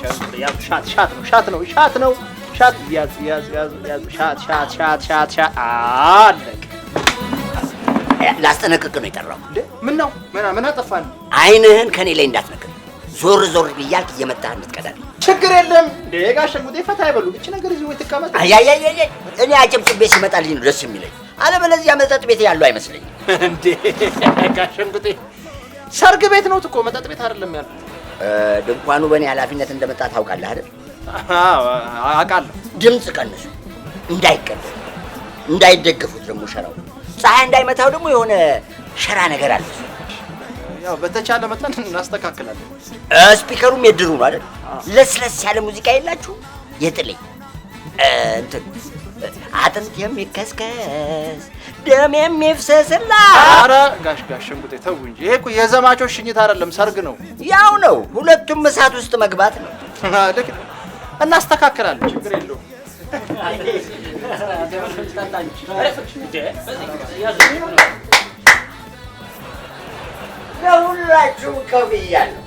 ሻት ነው ሻት ነው ሻት ያዝ ያዝ ያዝ ያዝ ሻት ሻት ሻት ሻት ሻት አለቅ። ላስጠነቅቅ ነው የጠራው። ምን ነው ምን ምን አጠፋን? አይንህን ከኔ ላይ እንዳትነቅል ዞር ዞር ብያልክ እየመጣህ እንድትቀዳል። ችግር የለም ደጋ ሸጉጤ ፈታ አይበሉ እቺ ነገር እዚህ ወይ ተቀመጥ። አያያያያ እኔ አጨብጭቤ ሲመጣልኝ ነው ደስ የሚለኝ። አለበለዚያ መጠጥ ቤት ያለው አይመስለኝም። እንዴ ደጋ ሰርግ ቤት ነው እኮ መጠጥ ቤት አይደለም ያለው ድንኳኑ በእኔ ኃላፊነት እንደመጣ ታውቃለህ አይደል? አውቃለሁ። ድምፅ ቀንሱ፣ እንዳይቀንሱ እንዳይደገፉት ደግሞ ሸራው ፀሐይ እንዳይመታው ደግሞ የሆነ ሸራ ነገር አለ። ያው በተቻለ መጠን እናስተካክላለን። ስፒከሩም የድሩ ነው አይደል? ለስለስ ያለ ሙዚቃ የላችሁ የጥልኝ አጥንት የሚከስከስ ደም የሚፍሰስላ። ኧረ ጋሽ ጋሽ ሽንጉጤ ተው እንጂ ይሄ እኮ የዘማቾች ሽኝት አይደለም፣ ሰርግ ነው። ያው ነው፣ ሁለቱም እሳት ውስጥ መግባት ነው። ልክ እናስተካክላለን፣ ችግር የለውም። ለሁላችሁም ከብያለሁ።